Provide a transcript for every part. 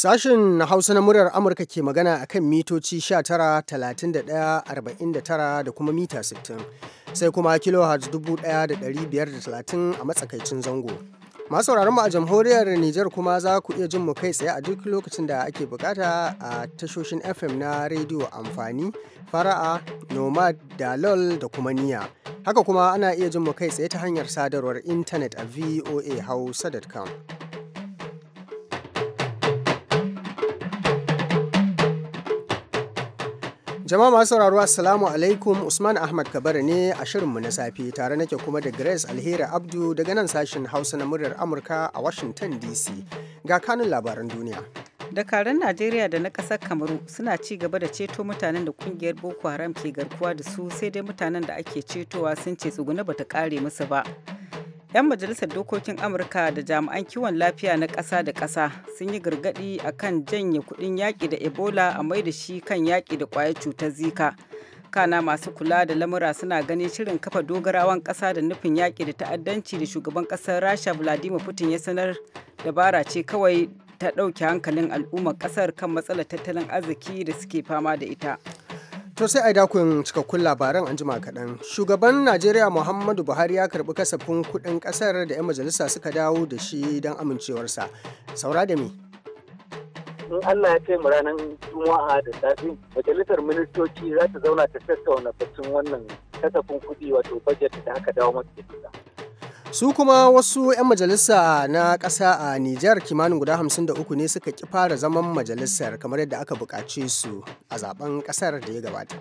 Sashen Hausa na murar Amurka ke magana a kan mitoci 19,31,49 da kuma mita 60, sai kuma kilohertz 1,530 a matsakaicin zango. Masu mu a jamhuriyar Nijar kuma za ku iya jin mu kai tsaye a duk lokacin da ake bukata a tashoshin FM na rediyo amfani, fara'a, nomad, dalol da kuma niya. Haka kuma ana iya jin mu kai tsaye ta hanyar sadarwar intanet a voahausa.com. Jama'a masu sauraro Assalamu alaikum Usman Ahmad Kabara ne a shirinmu na safe tare nake kuma da Grace Alheri Abdu daga nan sashen Hausa na muryar Amurka a Washington DC. Ga kanun labaran duniya. Dakarun Najeriya da na ƙasar Kamaru suna ci gaba da ceto mutanen da kungiyar Boko Haram ke garkuwa da su sai dai mutanen da ake cetowa sun ce tsuguna bata kare musu ba. 'Yan majalisar dokokin Amurka da jami'an kiwon lafiya na ƙasa da ƙasa sun yi gargaɗi a kan janye kuɗin yaƙi da Ebola a mai da shi kan yaƙi da ƙwayar cutar Zika. Kana masu kula da lamura suna ganin shirin kafa dogarawan ƙasa da nufin yaƙi da ta'addanci da shugaban ƙasar Rasha Vladimir Putin ya sanar dabara ce kawai ta ɗauke hankalin al'ummar ƙasar kan matsalar tattalin arziki da suke fama da ita. To sai a dakun cikakkun labaran an jima kaɗan. Shugaban Najeriya Muhammadu Buhari ya karɓi kasafin kuɗin ƙasar da 'yan majalisa suka dawo da shi don amincewarsa. Saura da me? in Allah ya kai mu ranar Juma'a da safe majalisar ministoci za ta zauna ta tattauna batun wannan kasafin kuɗi wato budget da aka dawo masu su kuma wasu 'yan majalisa na ƙasa a Nijar kimanin guda 53 ne suka ki fara zaman majalisar kamar yadda aka buƙace su a zaben ƙasar da ya gabata.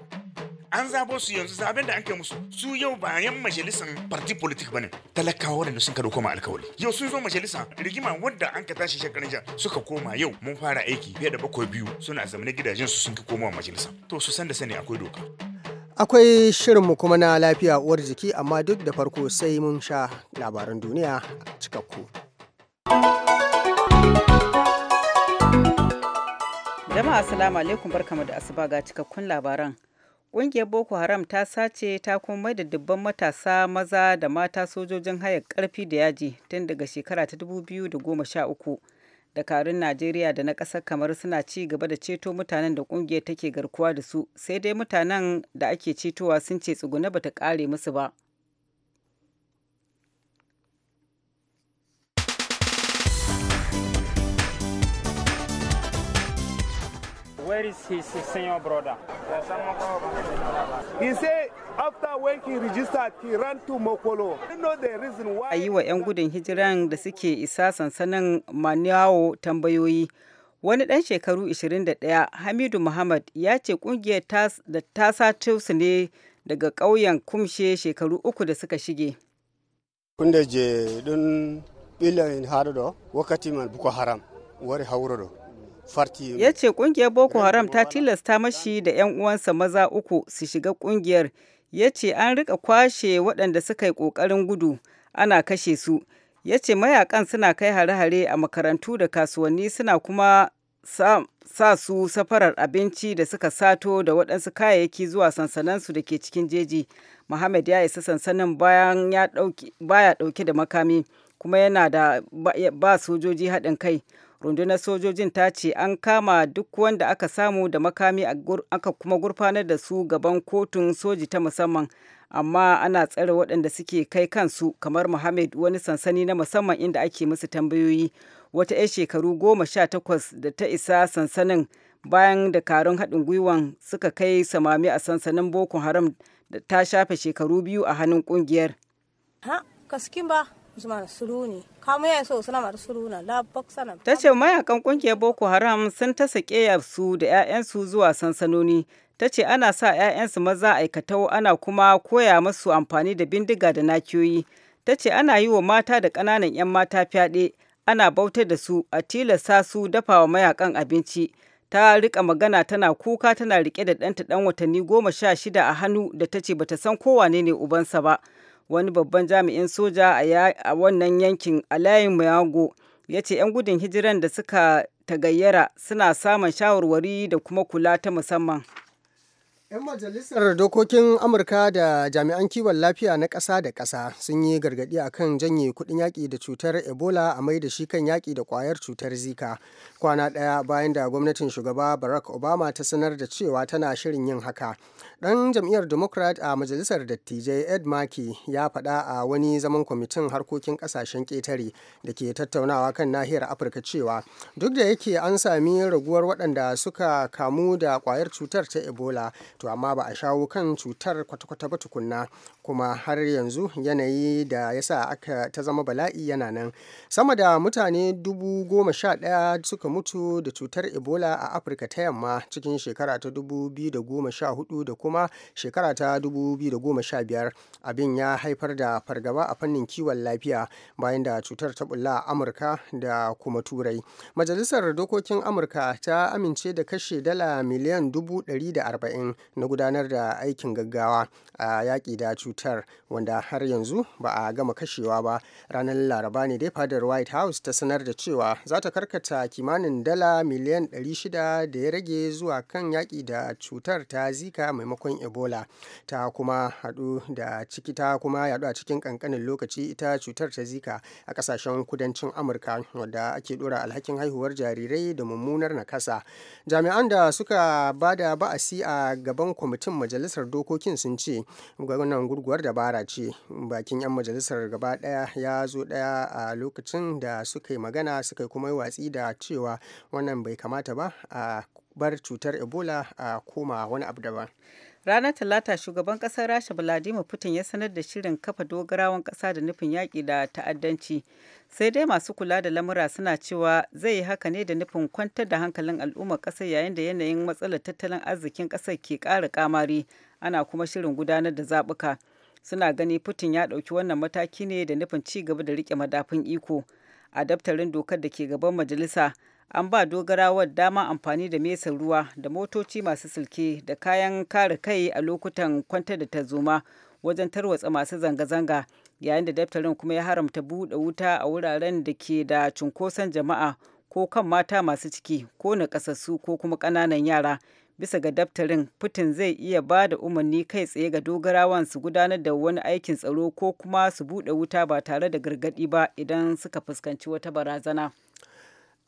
an zabo su yanzu zaben da aka musu su yau bayan majalisar party politik bane talakawa wadanda sun karo koma alkawali yau sun zo majalisa rigima wadda an ka tashi shekarun jiya suka koma yau mun fara aiki fiye da bakwai biyu suna zamanin gidajen su sun ki komawa majalisa to su san da sani akwai doka Akwai shirinmu kuma na lafiya uwar jiki amma duk da farko sai mun sha labaran duniya cikakku. Jama'a assalamu alaikum barkamu da asuba ga cikakkun labaran. Ƙungiyar Boko Haram ta sace ta kuma mai da dubban matasa maza da mata sojojin hayar ƙarfi da yaji tun daga shekara ta 2013 dakarun najeriya da na ƙasar kamar suna ci gaba da ceto mutanen da ƙungiyar take garkuwa da su sai dai mutanen da ake cetowa sun ce tsuguna bata ƙare musu ba Where is his senior brother? A yi wa 'yan gudun hijiran da suke isa sansanin Maniawo tambayoyi. Wani ɗan shekaru 21, Hamidu Muhammad ya ce ƙungiyar da ta sa su ne daga ƙauyen kumshe shekaru uku da suka shige. Kunda je ɗin ɓilan harado, wakati man Boko Haram, wari hauro farti ya ce kungiyar boko haram ta tilasta mashi da 'yan uwansa maza uku su shiga kungiyar ya ce an rika kwashe waɗanda suka yi ƙoƙarin gudu ana kashe su ya ce mayakan suna kai hare-hare a makarantu da kasuwanni suna kuma sa, su safarar abinci da suka sato da waɗansu kayayyaki zuwa sansanansu da ke cikin jeji muhammad ya isa sansanin bayan ya baya ɗauke da makami kuma yana da ba sojoji haɗin kai rundunar sojojin ta ce an kama duk wanda aka samu da makami aka kuma gurfanar da su gaban kotun soji ta musamman amma ana tsare waɗanda suke kai kansu kamar Muhammad wani sansani na musamman inda ake musu tambayoyi wata 'yan shekaru goma sha takwas da ta isa sansanin bayan da karin haɗin gwiwan suka kai samami a sansanin Boko Haram da ta shafe shekaru biyu a hannun ƙungiyar. Ha, kaskin ba, ta ce mayakan kungiyar boko haram sun ta sake su da 'ya'yansu zuwa sansanoni ta ce ana sa 'ya'yansu maza aikatau ana kuma koya masu amfani da bindiga da nakiyoyi ta ce ana yi wa mata da ƙananan 'yan mata fyaɗe ana bautar da su a tilasta su dafa wa mayakan abinci ta rika magana tana kuka tana rike da ɗanta ɗan watanni goma sha shida a hannu da ta ce bata san kowane ne ubansa ba wani babban jami'in soja a wannan yankin alayin mayago ya ce 'yan gudun hijiran da suka tagayyara suna samun shawarwari da kuma kula ta musamman 'Yan majalisar dokokin Amurka da jami'an kiwon lafiya na ƙasa da ƙasa sun yi gargaɗi a kan janye kuɗin yaƙi da cutar Ebola a mai da shi kan yaƙi da ƙwayar cutar Zika. Kwana ɗaya bayan da gwamnatin shugaba Barack Obama ta sanar da cewa tana shirin yin haka. Ɗan jam'iyyar Democrat a Majalisar Dattijai Ed Maki, ya faɗa a wani zaman kwamitin harkokin ƙasashen ƙetare da ke tattaunawa kan nahiyar Afirka cewa duk da yake an sami raguwar waɗanda suka kamu da ƙwayar cutar ta Ebola to amma ba a shawo kan cutar kwata-kwata ba tukunna kuma har yanzu yanayi da ya sa aka ta zama bala'i yana nan sama da mutane dubu goma sha ɗaya suka mutu da cutar ebola a afirka ta yamma cikin shekara ta dubu biyu da goma sha hudu da kuma shekara ta dubu biyu da goma sha biyar abin ya haifar da fargaba a fannin kiwon lafiya bayan da cutar ta bulla a amurka da kuma turai majalisar dokokin amurka ta amince da kashe dala miliyan dubu ɗari da arba'in na gudanar da aikin gaggawa a yaƙi da cutar cutar wanda har yanzu ba a gama kashewa ba ranar laraba ne dai fadar white house ta sanar da cewa za ta karkata kimanin dala miliyan 600 da ya rage zuwa kan yaƙi da cutar ta zika maimakon ebola ta kuma haɗu da ciki ta kuma yaɗu a cikin ƙanƙanin lokaci ita cutar ta zika a ƙasashen kudancin amurka wadda ake ɗora alhakin haihuwar jarirai da mummunar nakasa jami'an da suka ba da ba'asi a gaban kwamitin majalisar dokokin sun ce gwamnan gurguwar dabara ce bakin 'yan majalisar gaba daya ya zo daya a lokacin da suka yi magana suka kuma watsi da cewa wannan bai kamata ba a bar cutar ebola a koma wani abu daban ranar talata shugaban kasar rasha vladimir putin ya sanar da shirin kafa dogarawan kasa da nufin yaƙi da ta'addanci sai dai masu kula da lamura suna cewa zai yi haka ne da nufin kwantar da hankalin al'ummar ƙasar yayin da yanayin matsalar tattalin arzikin kasar ke ƙara kamari ana kuma shirin gudanar da zaɓuka suna gani putin ya ɗauki wannan mataki ne da nufin ci gaba da rike madafin iko a daftarin dokar da ke gaban majalisa an ba dogarawar dama amfani da mesan ruwa da motoci masu silke da kayan kare kai a lokutan kwantar da tarzoma wajen tarwatsa masu zanga-zanga yayin da daftarin kuma ya haramta buɗe wuta a wuraren da ke da cunkoson jama'a ko kan mata masu ciki ko na nakasassu ko kuma ƙananan yara bisa ga daftarin putin zai iya ba da umarni kai tsaye ga dogarawan su gudanar da wani aikin tsaro ko kuma su buɗe wuta ba tare da gargaɗi ba idan suka fuskanci wata barazana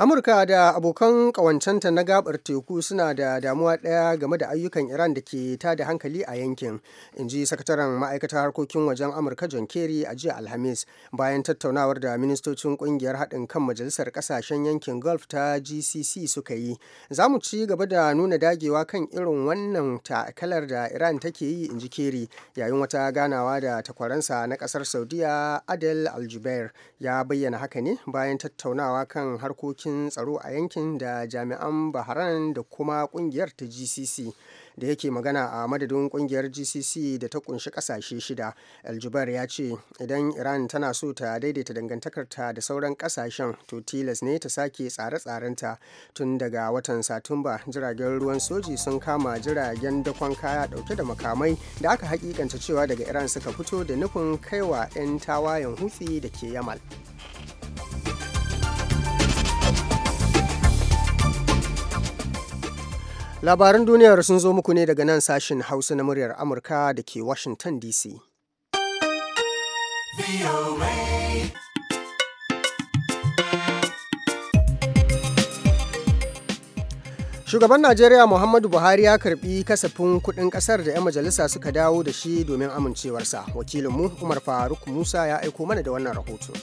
amurka da abokan kawancanta na gabar teku suna da damuwa ɗaya game da ayyukan iran da ke ta da hankali a yankin in ji sakataren ma'aikatar harkokin wajen amurka john kerry a jiya alhamis bayan tattaunawar da ministocin kungiyar haɗin kan majalisar ƙasashen yankin gulf ta gcc suka yi za mu ci gaba da nuna dagewa kan irin wannan takalar da iran take yi in ji kerry yayin wata ganawa da takwaransa na ƙasar saudiya adel aljubair ya bayyana haka ne bayan tattaunawa kan harkokin aikin tsaro a yankin da jami'an bahrain da kuma kungiyar ta gcc da yake magana a madadin kungiyar gcc da ta kunshi kasashe shida aljubar ya ce idan iran tana so ta daidaita dangantakarta da sauran kasashen to tilas ne ta sake tsare-tsarenta tun daga watan satumba jiragen ruwan soji sun kama jiragen dakon kaya dauke da makamai da aka hakikanta cewa daga iran suka fito da nufin kaiwa 'yan tawayen hutsi da ke yamal Labaran duniyar sun zo muku ne daga nan sashen Hausa na muryar Amurka da ke Washington DC. Shugaban Najeriya Muhammadu Buhari ya karbi kasafin kuɗin ƙasar da 'yan majalisa suka dawo da shi domin amincewarsa. Wakilinmu Umar Faruk Musa ya aiko mana da wannan rahoto.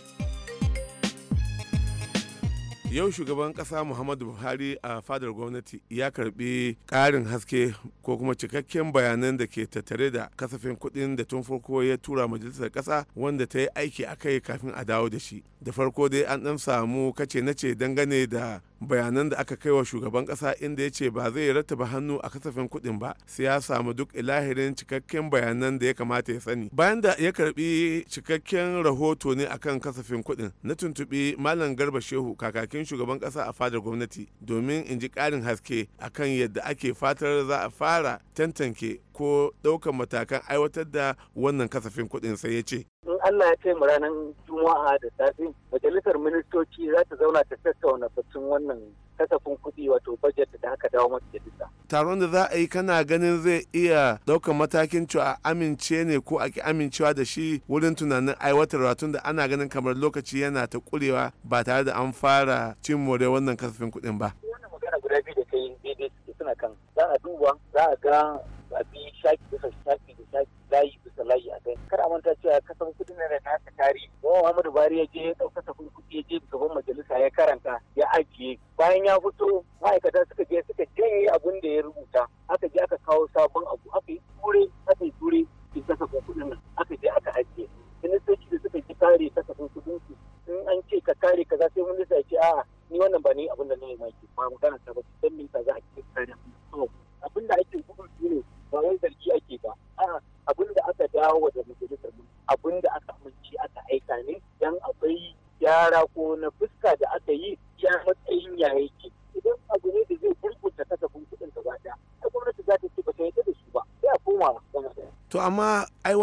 yau shugaban kasa muhammadu buhari a fadar gwamnati ya karbi karin haske ko kuma cikakken bayanan da ke tattare da kasafin kuɗin da tun farko ya tura majalisar kasa wanda ta yi aiki a kai kafin a dawo da shi da farko dai an ɗan samu kace na ce dangane da bayanan da aka kai wa shugaban kasa inda ya ce ba zai rattaba hannu a kasafin kuɗin ba sai ya samu duk ilahirin cikakken bayanan da ya kamata ya sani bayan da ya karbi cikakken rahoto ne akan kasafin kuɗin na tuntuɓi malam garba shehu kakakin shugaban kasa a fadar gwamnati domin in ji ƙarin haske akan yadda ake fatar za a fara tantance ko ɗaukan matakan aiwatar da wannan kasafin kuɗin sai ya ce. In Allah ya ce mu ranar Juma'a da safe majalisar ministoci za ta zauna ta tattauna batun wannan kasafin kuɗi wato budget da aka dawo majalisa. Taron da za a yi kana ganin zai iya ɗaukan matakin cewa a amince ne ko a ki amincewa da shi wurin tunanin aiwatar tun da ana ganin kamar lokaci yana ta ƙurewa ba tare da an fara cin more wannan kasafin kuɗin ba. Wannan magana guda biyu da daidai suna kan za a duba za a ga a bi shafi bisa shaki da shafi layi bisa layi a kai kar a manta cewa kasan kudin da ta tari ko kuma Muhammadu Buhari ya je ya ɗauka tafin kuɗi ya je gaban majalisa ya karanta ya ajiye bayan ya fito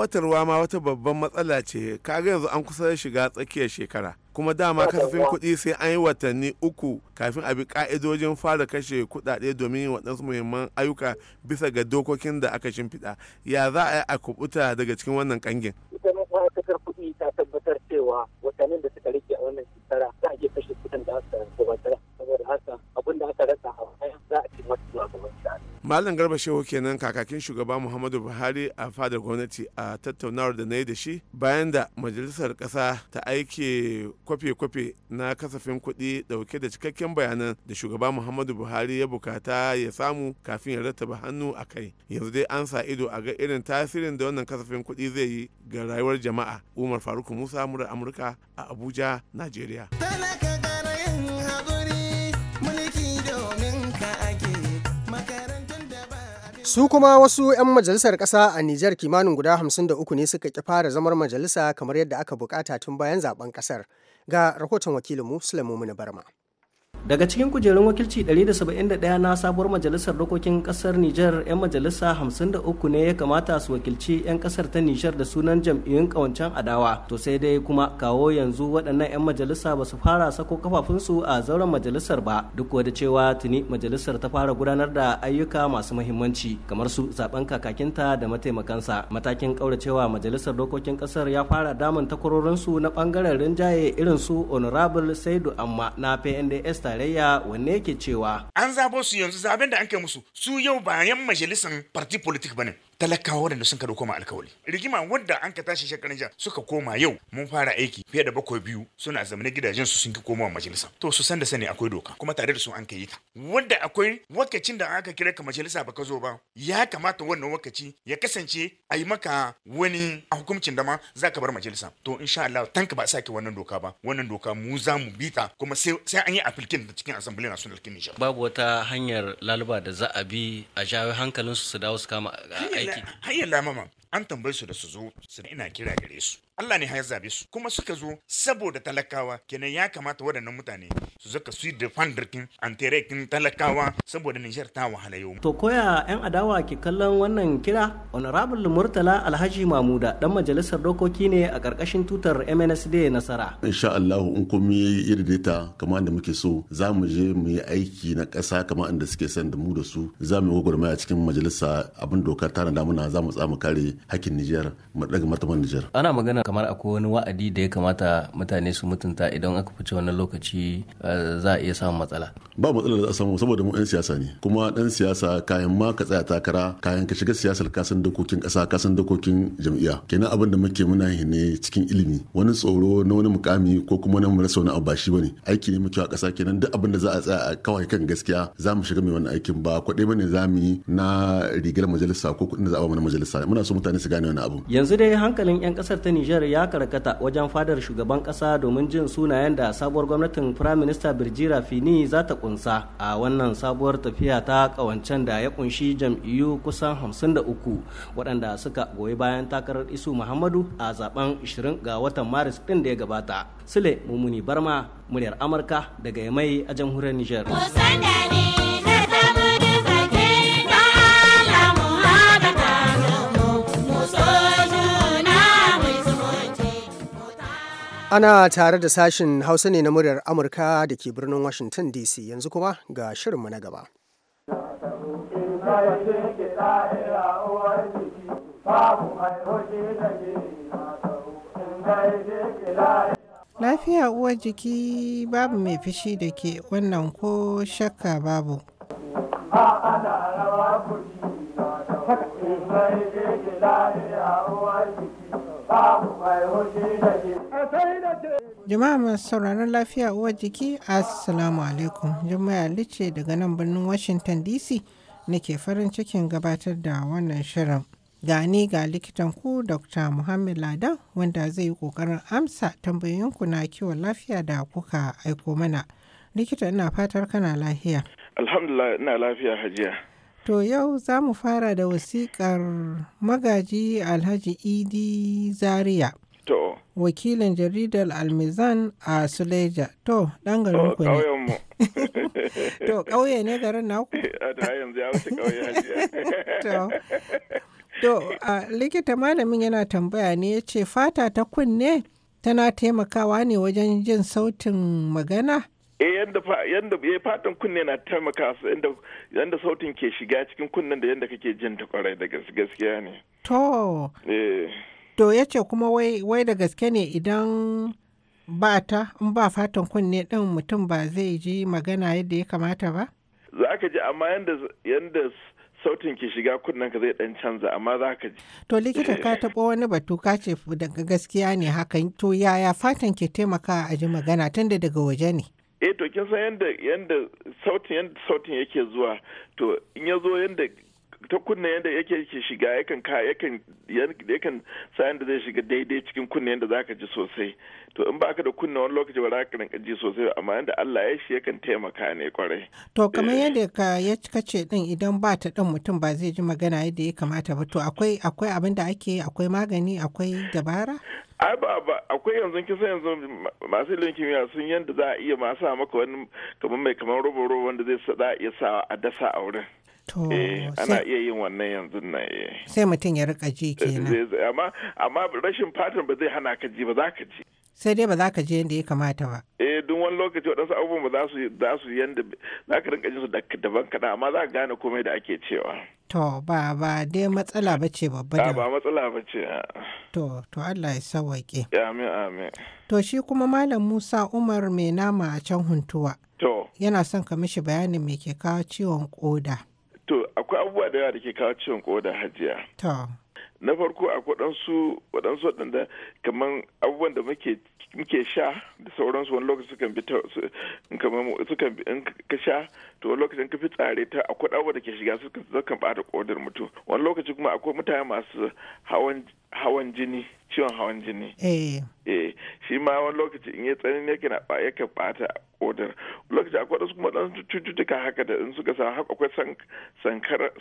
tsawatarwa ma wata babban matsala ce kaga yanzu an kusa shiga tsakiyar shekara kuma dama kasafin kuɗi sai an yi watanni uku kafin a bi ka'idojin fara kashe kuɗaɗe domin yin waɗansu muhimman ayyuka bisa ga dokokin da aka shimfiɗa ya za a yi a kubuta daga cikin wannan kangin ita ma'aikatar kuɗi ta tabbatar cewa watannin da suka rike a wannan malam garba shehu kenan kakakin shugaba muhammadu buhari a fadar gwamnati a tattaunawar da na yi da shi bayan da majalisar ƙasa ta aike kwafe-kwafe na kasafin kuɗi ɗauke da cikakken bayanan da shugaba muhammadu buhari ya bukata ya samu kafin ya rattaba hannu a kai yanzu dai an sa ido a ga irin tasirin da wannan kasafin kuɗi zai yi ga rayuwar jama'a umar faruk musa murar amurka a abuja nigeria. Su kuma wasu 'yan majalisar ƙasa a Nijar kimanin guda 53 ne suka ƙi fara zamar majalisa kamar yadda aka bukata tun bayan zaben ƙasar. Ga rahoton wakilinmu Sulaimu Barma. daga cikin kujerun wakilci 171 na sabuwar majalisar dokokin kasar Nijar 'yan majalisa 53 ne ya kamata su wakilci 'yan kasar ta Nijar da sunan jam'iyyun ƙawancen adawa to sai dai kuma kawo yanzu waɗannan 'yan majalisa ba su fara sako kafafunsu a zauren majalisar ba duk da cewa tuni majalisar ta fara gudanar da ayyuka masu muhimmanci kamar su zaben kakakinta da mataimakansa matakin kauracewa majalisar dokokin kasar ya fara damun takwarorinsu na bangaren rinjaye irin su honorable saidu amma na PNDS tarayya wanne yake cewa an zabo su yanzu zaben da an kai musu su yau bayan majalisan party politik bane talakawa waɗanda sun ka koma koma alkawali rigima wadda an ka tashi shekarun jiya suka koma yau mun fara aiki fiye da bakwai biyu suna zamanin gidajen su sun ki komawa majalisa to su san da sani akwai doka kuma tare da su an ka yi ta wanda akwai wakacin da aka kira ka majalisa baka zo ba ya kamata wannan wakaci ya kasance a yi maka wani a hukuncin da za ka bar majalisa to insha Allah tanka ba sake wannan doka ba wannan doka mu za mu bi ta kuma sai an yi application da cikin assembly national kin babu wata hanyar laluba da za a bi a jawo hankalin su su dawo su kama Hayır, hayır demem. an tambaye su da su zo su ina kira gare su Allah ne ya zabe su kuma suka zo saboda talakawa kenan ya kamata waɗannan mutane su zaka su da fandirkin anterekin talakawa saboda Nijar ta wahala yau to koya yan adawa ke kallon wannan kira honorable Murtala Alhaji Mamuda dan majalisar dokoki ne a karkashin tutar MNSD nasara insha Allah in kun yi irdita kamar da muke so za mu je mu yi aiki na ƙasa kamar inda suke son da mu da su za mu yi gwagwarmaya cikin majalisa abin doka tana damuna za mu tsamu kare hakkin Nijar mu daga martaban Nijar. Ana magana kamar akwai wani wa'adi da ya kamata mutane su mutunta idan aka fice wannan lokaci eh, za a iya samun matsala. Ba matsala da a samu saboda mu 'yan siyasa ne kuma ɗan siyasa kayan ma ka tsaya takara kayan ka shiga siyasar san dokokin ƙasa san dokokin jam'iyya kenan abin da muke muna yi cikin ilimi wani tsoro na wani mukami ko kuma na rasa wani abu ba shi bane aiki ne muke a ƙasa kenan duk abin da za a tsaya a kawai kan gaskiya za mu shiga mai wannan aikin ba kwaɗe bane za mu yi na rigar majalisa ko kuɗin da za a ba mana majalisa muna so mutane mutane su gane wani abu yanzu dai hankalin 'yan kasar ta nijar ya karkata wajen fadar shugaban kasa domin jin sunayen da sabuwar gwamnatin prime minister birji fini za ta kunsa a wannan sabuwar tafiya ta kawancen da ya kunshi jam'iyyu kusan 53 waɗanda suka goyi bayan takarar isu muhammadu a zaben 20 ga watan maris ɗin da ya gabata sule mumuni barma muryar amurka daga yamai a jamhuriyar nijar Ana tare da sashin Hausa ne na muryar Amurka da ke birnin Washington DC yanzu kuma ga shirinmu na gaba. Lafiya uwar jiki babu mai fushi da ke wannan ko shakka babu. Jama'a masu sauraron lafiya uwar jiki, Assalamu alaikum. Jama'a Lice daga nan birnin Washington DC nake farin cikin gabatar da wannan shirin. Gani ga likitan ku Dr. Muhammad Ladan wanda zai yi kokarin amsa tambayoyinku na kiwon lafiya da kuka aiko mana. Likita ina fatar kana lafiya. Alhamdulillah ina lafiya hajiya. To yau za mu fara da wasiƙar magaji Alhaji Idi Zaria. To. Wakilin jaridar Almizan a Suleja. To, ɗan garin ku ne. To, ƙauye ne garin A da To. likita malamin yana tambaya ne ya ce fata ta kunne tana taimakawa ne wajen jin sautin magana? yanda ya eh, fatan kunne na taimaka su yanda sautin ke shiga cikin kunnen da yanda kake jin ta kwarai da gaskiya ne to eh. to yace kuma wai da gaske ne idan ba ta in ba fatan kunne din mutum ba zai ji magana yadda ya kamata ba za ka ji amma yanda sautin ke shiga kunnen ka zai dan canza amma za ka ji. To likita ka eh. taɓa wani batu ka ce daga gaskiya ne hakan to yaya fatan ke taimaka a ji magana tunda daga waje ne? eh to kin san yanda yanda sautin yanda sautin yake zuwa to in ya zo yanda ta kunne yadda yake yake shiga yakan ka yakan yakan sayan da zai shiga daidai cikin kunne yadda zaka ji sosai to in baka da kunne wani lokaci ba zaka rinka ji sosai amma yadda Allah ya shi yakan taimaka ne kwarai to kamar eh. yadda ka ya kace din idan ba ta din mutum ba zai ji magana yadda ya kamata ba to akwai akwai abin da ake akwai magani akwai dabara ai ba ba akwai yanzu kin san yanzu masu ilimin kimiyya sun yanda za a iya ma maka wani kamar mai kamar robo robo wanda zai a iya sa a dasa a wurin To, eh, ana iya yin wannan yanzu na eh. Sai mutum ya rika ji eh, kenan. Amma rashin fatan ba zai hana ka ji ba za ka ji. Sai dai ba za ka ji yadda ya kamata ba. Eh duk wani lokaci waɗansu abubuwan ba za su za su yanda za ka rinka jin su daban kaɗan amma za ka gane komai da ake cewa. To ba ba dai matsala ba ce babba da. Ba matsala ba ce. To to Allah ya sawaƙe. Amin amin. To shi kuma Malam Musa Umar mai nama a can huntuwa. To. Yana son ka mishi bayanin me ke kawo ciwon koda. To, akwai abubuwa da yawa da ke kawo ciwon koda hajiya. na farko a waɗansu waɗansu waɗanda kamar abubuwan da muke muke sha da sauransu wani lokaci sukan bi ta kamar sukan bi in ka sha to wani lokacin ka fi tsare ta akwai abubuwa da ke shiga sukan ba da kodar mutum wani lokaci kuma akwai mutane masu hawan hawan jini ciwon hawan jini eh, eh shi ma wani lokaci in ya ne yake na yake ta kodar lokaci akwai wasu kuma ɗan cututtuka haka da in suka sa akwai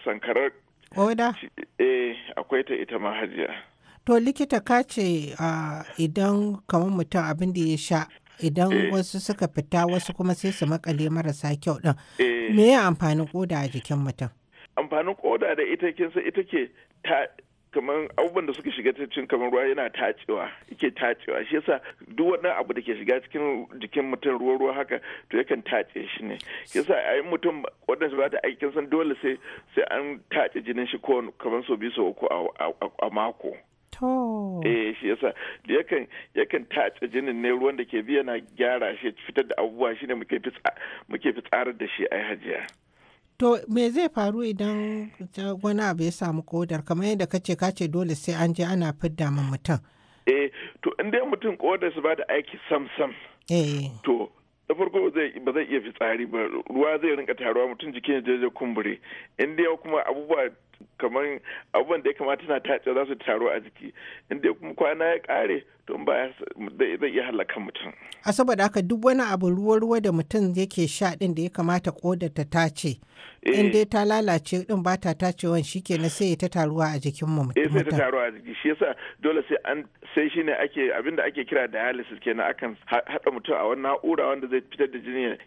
sankarar Oda? Eh, akwai ta ita ma hajiya. To likita ka ce idan kamar mutum abin da ya sha idan eh. wasu suka fita wasu kuma sai su makale marasa kyau ɗin. Eh. Me ya amfani koda a jikin mutum? Amfanin koda da ita kinsa ita ke kamar abubuwan da suka shiga cikin kamar ruwa yana tacewa yake tacewa shi yasa duk wani abu da ke shiga cikin jikin mutum ruwa ruwa haka to yakan tace shi ne shi yasa a mutum waɗansu ba ta aikin san dole sai sai an tace jinin shi ko kamar so biyu so uku a mako To. Eh shi yasa da yakan yakan tace jinin ne ruwan da ke biya na gyara shi fitar da abubuwa shine muke muke fi tsara da shi ai hajiya. To me zai faru idan wani abu ya samu kodar kamar yadda kace kace dole sai an je ana fidda ma mutum. Eh to in dai mutum kodar su ba da aiki sam sam. Eh. To da farko ba zai iya fitsari ba ruwa zai rinka taruwa mutum jikin ya je kumbure in dai kuma abubuwa kamar abubuwan da ya kamata na tace za su taro a jiki in dai kuma kwana ya kare to ba zai iya halaka mutum a saboda haka duk wani abu ruwa ruwa da mutum yake sha din da ya kamata kodar ta tace eh. in dai ta lalace din ba ta tace tacewan na sai ya ta taruwa a jikin mu mutum eh, sai ta taruwa a jiki shi yasa dole sai an sai shine ake abinda ake kira dialysis kenan akan haɗa mutum a wani na'ura wanda zai fitar da jini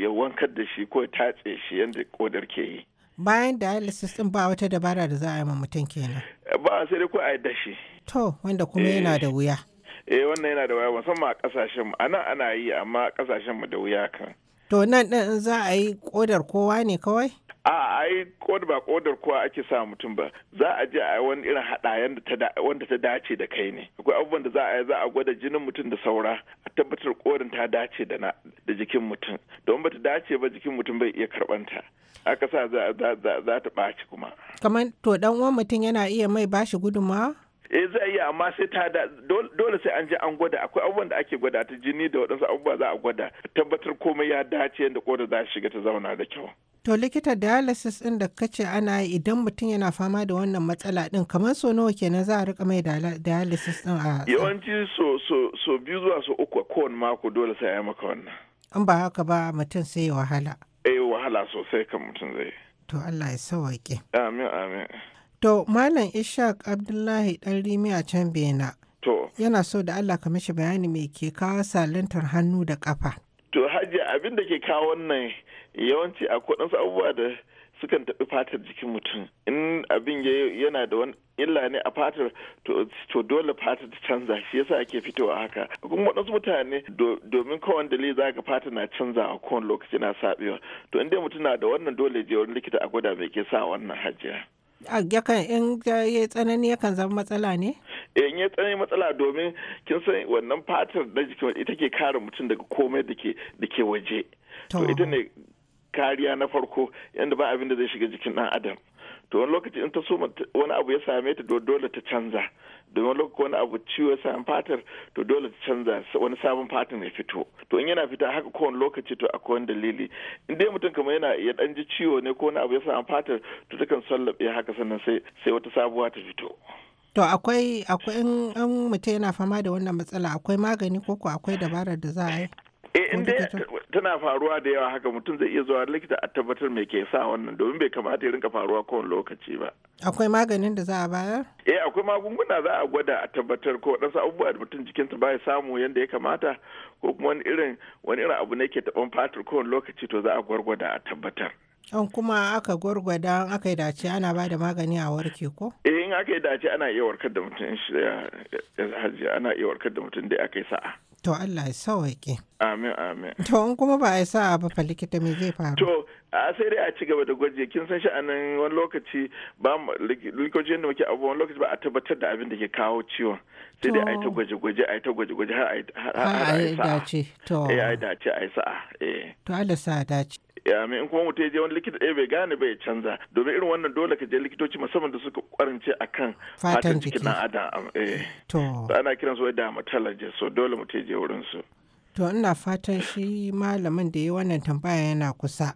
ya wankar da shi ko ya tatse shi yadda kodar ke yi bayan dialysis din ba wata dabara da za a yi ma mutum kenan ba sai dai ko a yadda shi to wanda kuma yana eh. da wuya eh wannan yana da wuya musamman a kasashen mu anan ana yi amma kasashen mu da wuya kan to nan din za a yi kodar kowa ne kawai a ai kodar ba kodar kowa ake sa mutum ba za a je a wani irin haɗayen wanda ta dace da kai ne akwai abubuwan da za a yi za a gwada jinin mutum da saura a tabbatar kodin ta dace da jikin mutum don ba ta dace ba jikin mutum bai iya karɓanta aka sa za ta ɓaci kuma kamar to dan uwan mutum yana iya mai bashi gudunmawa eh zai yi amma sai ta da dole sai an je an gwada akwai abubuwan da ake gwada ta jini da waɗansu abubuwa za a gwada tabbatar komai ya dace yadda koda za shiga ta zauna da kyau to likita dialysis ɗin da ce ana yi idan mutum yana fama da wannan matsala ɗin, kamar so nawa kenan za a rika mai dialysis ɗin a yawanci so so so biyu zuwa so uku a kowane mako dole sai a yi maka wannan in ba haka ba mutum sai ya wahala eh wahala sosai kan mutum zai to Allah ya sawaƙe. amin amin To, Malam Ishaq Abdullahi ɗan a can Bena. To. Yana so da Allah ka mishi bayani mai ke kawo salantar hannu da kafa To, hajiya abin da ke kawo wannan yawanci a ɗansu abubuwa da sukan taɓi fatar jikin mutum in abin yana da wani illa ne a fatar to dole fatar ta canza shi yasa ake fitowa haka kuma waɗansu mutane domin kowane dalili za ka fata na canza a kowane lokaci na saɓewa to inda mutum na da wannan dole je wani likita a gwada mai ke sa wannan hajjiya. yakan in ya tsanani yakan zama matsala ne? Eh, in ya tsanani matsala domin kin san wannan fatar na jikin ita ke kare mutum daga komai da ke waje to ita ne kariya na farko yadda ba abin da zai shiga jikin ɗan adam to wani lokaci in ta so wani abu ya same ta dole ta canza domin lokaci wani abu ciwo ya fatar to dole ta canza wani sabon fatan ya fito to in yana fita haka kowane lokaci to akwai wani dalili in dai mutum kamar yana ya dan ji ciwo ne ko wani abu ya sami fatar to takan sallabe haka sannan sai sai wata sabuwa ta fito To akwai akwai in mutum yana fama da wannan matsala akwai magani ko ko akwai dabarar da za a yi? eh inda eh, tana faruwa da yawa haka mutum zai iya zuwa likita a tabbatar me ke sa wannan domin bai kamata ya rinka faruwa kowane lokaci ba akwai maganin da za a bayar eh akwai magunguna za a gwada a tabbatar ko wadansu abubuwa da mutum jikinsa ba ya samu yadda ya kamata ko kuma wani irin wani irin abu ne ke taban fatar kowane lokaci to za a gwargwada a tabbatar an kuma aka gwargwada an aka yi dace ana ba da magani a warke ko? eh in aka yi dace ana iya warkar da mutum eh, eh, ana iya warkar da mutum da aka yi sa'a To Allah ya sawaƙe. Amin amin. To in kuma ba a yi sa'a ba fa likita me zai faru? To a sai dai a ci gaba da gwaji kin san sha'anin wani lokaci ba likocin da muke abubuwan lokaci ba a tabbatar da abin da ke kawo ciwon. Sai dai a yi ta gwaje-gwaje a yi ta gwaje-gwaje har a yi sa'a. Har a yi dace. To. Eh a yi dace a yi sa'a. Eh. To Allah sa dace. ya eh, in kuma mutum je wani likita ɗaya eh, bai gane bai canza domin irin wannan dole ka je likitoci musamman da suka kwarance kan fatan jiki na adam eh to ana kiran su da matalaje so dole mutum je wurin su to ina fatan shi malamin da ya wannan tambaya yana kusa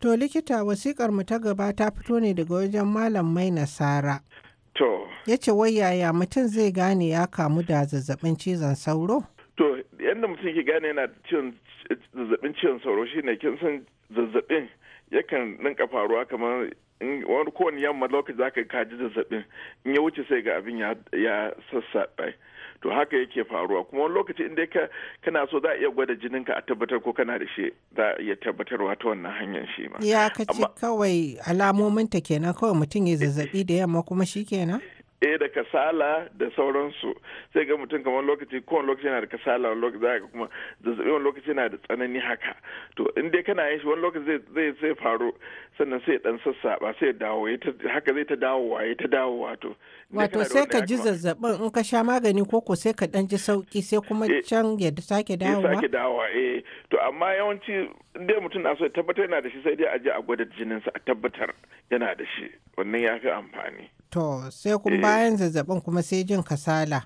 to likita wasikar mu ta gaba ta fito ne daga wajen malam mai nasara to ya ce wai yaya mutum zai gane ya kamu da zazzabin cizon sauro to yadda mutum ke gane yana zazzabin cizon sauro shine kin san zazzabin yakan ninka faruwa kamar wani kowane yamma lokaci zaka kaji zazzabin in ya wuce sai ga abin ya sassaɓa to haka yake faruwa kuma wani lokaci inda ka kana so za a iya gwada jinin ka a tabbatar ko kana da shi za a iya tabbatarwa ta wannan hanyar shi ma ya kace kawai alamomin ta kenan kawai mutum ya zazzabi da yamma kuma shi kenan eh da kasala da sauransu sai ga mutum kamar lokaci kowane lokaci yana da kasala wani lokaci zaka kuma zazzabi wani lokaci yana da tsanani haka to in dai kana yin shi wani lokaci zai zai faru sannan sai dan sassaba sai dawo haka zai ta dawo wa ta dawo to wato sai ka ji zazzabin in ka sha magani ko sai ka dan ji sauki sai kuma eh, can ya sake dawowa sake dawowa eh to amma yawanci in dai mutum na so ya tabbatar yana da shi sai dai a je a gwada sa a tabbatar yana da shi wannan ya fi amfani To sai kun eh. bayan zazzabin kuma sai jin kasala.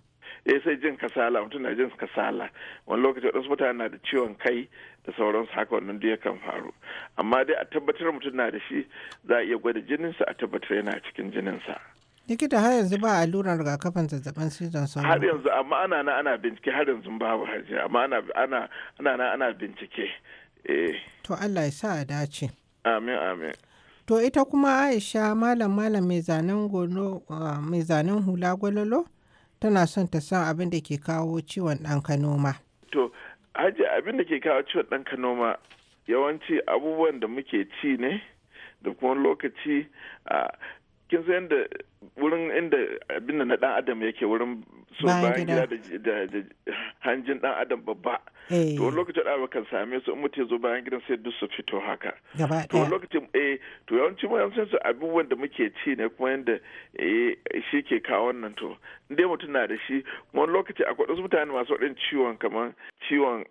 Eh sai jin kasala mutum na jin kasala wani lokaci wadansu mutane na da ciwon kai da sauransu haka wannan duk yakan faru amma dai a tabbatar mutum na da shi za a iya gwada jininsa a tabbatar yana cikin jininsa. likita har yanzu ba alluran rigakafin zazzabin cizon sauro har yanzu amma ana na ana bincike har yanzu babu hajiya amma ana ana ana ana bincike eh to Allah ya sa a dace amin amin To ita kuma Aisha malam malam mai zanen hula gwalolo tana son ta san abin da ke kawo ciwon ɗan noma. To, haji abin da ke kawo ciwon ɗan noma yawanci abubuwan da muke ci ne da kuma lokaci kin san yadda wurin inda da na dan adam yake wurin so bayan gida da hanjin dan adam babba eh. to wani lokacin da kan same su in mutum zo bayan gidan sai duk su fito haka to wani lokacin eh to yawanci mu yawancin su abubuwan da muke ci ne kuma yadda eh, shi ke kawo wannan to dai mutum na da shi wani lokaci akwai wasu mutane masu waɗin ciwon kamar ciwon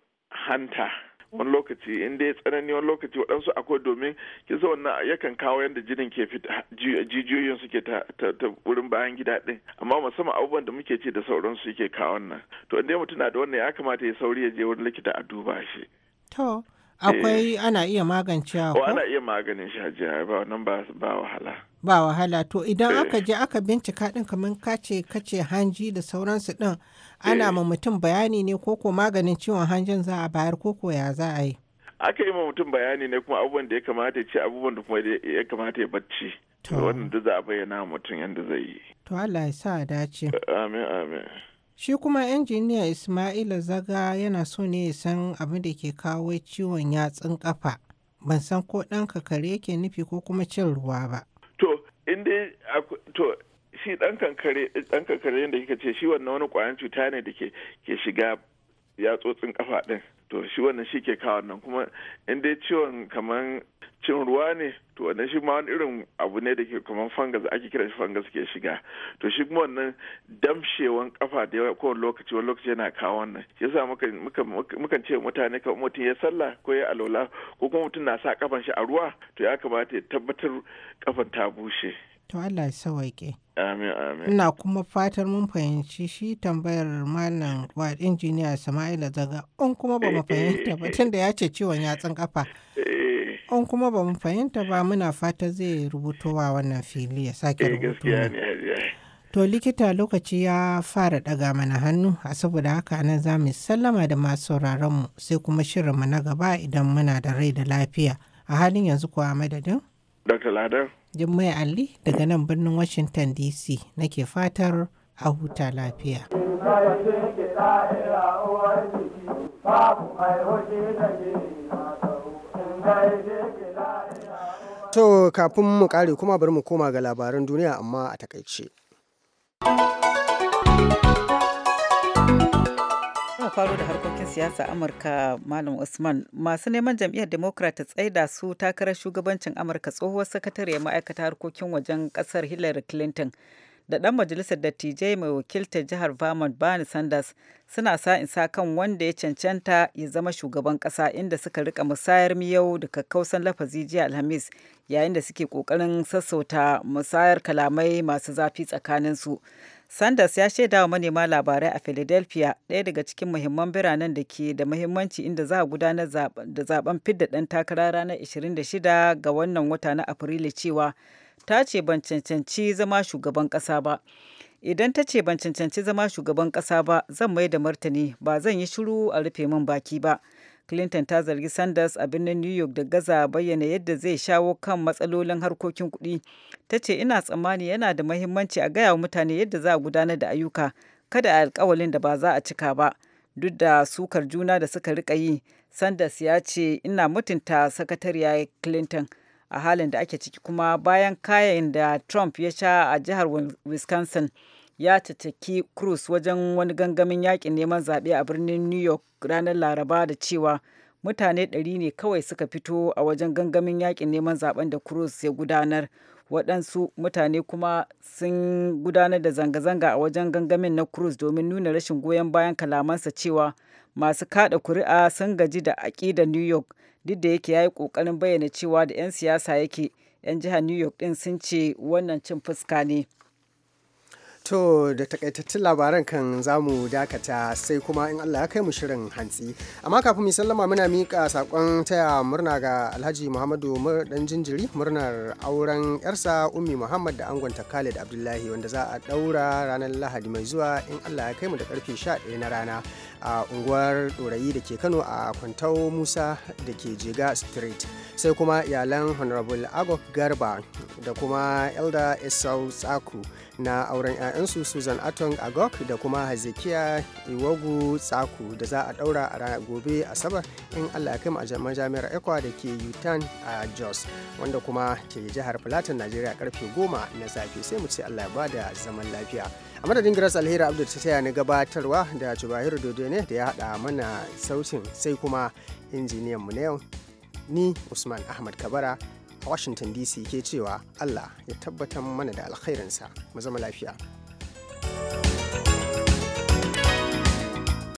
hanta wani lokaci in dai tsanani wani lokaci waɗansu akwai domin kisa wannan yakan kawo yadda jinin ke fita jijiyoyin suke ta wurin bayan gida ɗin amma musamman abubuwan da muke ci da sauransu yake kawo nan to in dai mutum na da wannan ya kamata ya sauri ya je wurin likita a duba shi. Akwai eh. ana iya magance ko? Ana iya maganin shi hajiya ba wannan ba wahala. Ba wahala to idan eh. aka je aka bincika din kamar kace kace hanji da sauransu din ana eh. ma mutum bayani ne ko ko maganin ciwon hanjin za a bayar ko ko ya za a yi. Aka yi ma mutum bayani ne kuma abubuwan da ya kamata ya ci abubuwan da kuma ya kamata ya bacci. To wannan duk za a bayyana mutum yadda zai yi. To Allah ya sa dace. Amin amin. Shi kuma injiniya Ismaila Zaga yana so ne ya san abin da ke kawo ciwon yatsun kafa. Ban san ko ɗan kakare yake nufi ko kuma cin ruwa ba. To, inda to shi ɗan kankare ɗan da kika ce shi wannan wani ƙwayan cuta ne da ke shiga yatsotsin kafa ɗin to shi wannan shi ke kawo nan kuma in dai ciwon kamar cin ruwa ne to wannan shi ma wani irin abu ne da ke kamar fangas ake kira shi fangas ke shiga to shi kuma wannan damshewan kafa da yawa kowane lokaci wani lokaci yana kawo wannan yasa mukan ce mutane kamar mutum ya sallah ko ya alola ko kuma mutum na sa kafan shi a ruwa to ya kamata ya tabbatar kafan ta bushe To Allah ya sawaike Amin amin. Ina kuma fatar mun fahimci shi tambayar malam wa injiniya Sama'ila Zaga in kuma ba mu fahimta ba tunda ya ce ciwon yatsun kafa. Eh. In kuma ba mu fahimta ba muna fata zai rubuto wa wannan fili ya sake eh, rubuto. To likita lokaci ya fara ɗaga mana hannu a saboda haka nan za mu sallama da masu mu sai kuma shirin mu na gaba idan muna da rai da lafiya. A halin yanzu a madadin? Dr. Jummai Ali daga nan birnin Washington DC nake fatar a huta lafiya. To kafin mu kare kuma bari mu koma ga labaran duniya amma a takaice. faro da harkokin siyasa Amurka Malam Usman masu neman jam'iyyar Democrat ta tsaida su takarar shugabancin Amurka tsohuwar sakatariyar ma'aikata harkokin wajen kasar Hillary Clinton da dan majalisar dattijai mai wakiltar jihar Vermont Bernie Sanders suna sa in sa kan wanda ya cancanta ya zama shugaban kasa inda suka rika musayar miyau da kakkausan lafazi jiya Alhamis yayin da suke kokarin sassauta musayar kalamai masu zafi tsakaninsu. su. Sanders ya shaida wa manema labarai a Philadelphia, ɗaya daga cikin muhimman biranen da ke da muhimmanci inda za a gudanar da zaben fidda ɗan takara ranar 26 ga wannan wata na Afrilu cewa ta ce ban cancanci zama shugaban ƙasa ba. Idan ta ce ban cancanci zama shugaban ƙasa ba, zan mai da martani ba zan yi shiru a rufe min baki ba. Clinton ta zargi Sanders a birnin New York da gaza bayyana yadda zai shawo kan matsalolin harkokin kuɗi. Ta ce, Ina tsammani yana da mahimmanci a gaya wa mutane yadda za a gudanar da ayyuka, kada a alkawalin da ba za a cika ba. Duk da sukar juna da suka rika yi, Sanders ya ce, Ina mutunta sakatariya Clinton a halin da ake ciki kuma bayan kayan da Trump ya sha a jihar Wisconsin. ya tattaki Cruz wajen wani gangamin yakin neman zaɓe a birnin New York ranar Laraba da cewa mutane ɗari ne kawai suka fito a wajen gangamin yakin neman zaɓen da Cruz ya gudanar. Waɗansu mutane kuma sun gudanar da zanga-zanga a wajen gangamin na Cruz domin nuna rashin goyon bayan kalamansa cewa masu kaɗa kuri'a sun gaji da aƙidar New York duk da yake ya yi ƙoƙarin bayyana cewa da 'yan siyasa yake 'yan jihar New York ɗin sun ce wannan cin fuska ne. To da takaitattun labaran kan zamu dakata sai kuma in Allah ya kai mu shirin hantsi. Amma kafin mu sallama muna mika sakon taya murna ga Alhaji Muhammadu dan jinjiri murnar auren yarsa Ummi Muhammad da angonta Khalid Abdullahi wanda za a daura ranar Lahadi mai zuwa in Allah ya kai mu da karfe 11 na rana. a unguwar ɗorayi da ke kano a kwantau musa da ke jega street sai kuma iyalan honorable agok garba da kuma elda esau tsaku na auren 'ya'yansu susan atong agok da kuma hazekiya iwagu tsaku da za a daura a ranar gobe asabar in allah ya kai a jami'ar ekwa da ke utan a jos wanda kuma ke jihar plateau najeriya karfe 10 na safe sai mu ce allah ya da zaman lafiya a madadin giras alheri abdul ta taya ni gabatarwa da jubahir dodo ne da ya hada mana sautin sai kuma injiniyan mu na yau ni usman ahmad kabara a washington dc ke cewa allah ya tabbatar mana da alkhairinsa mu zama lafiya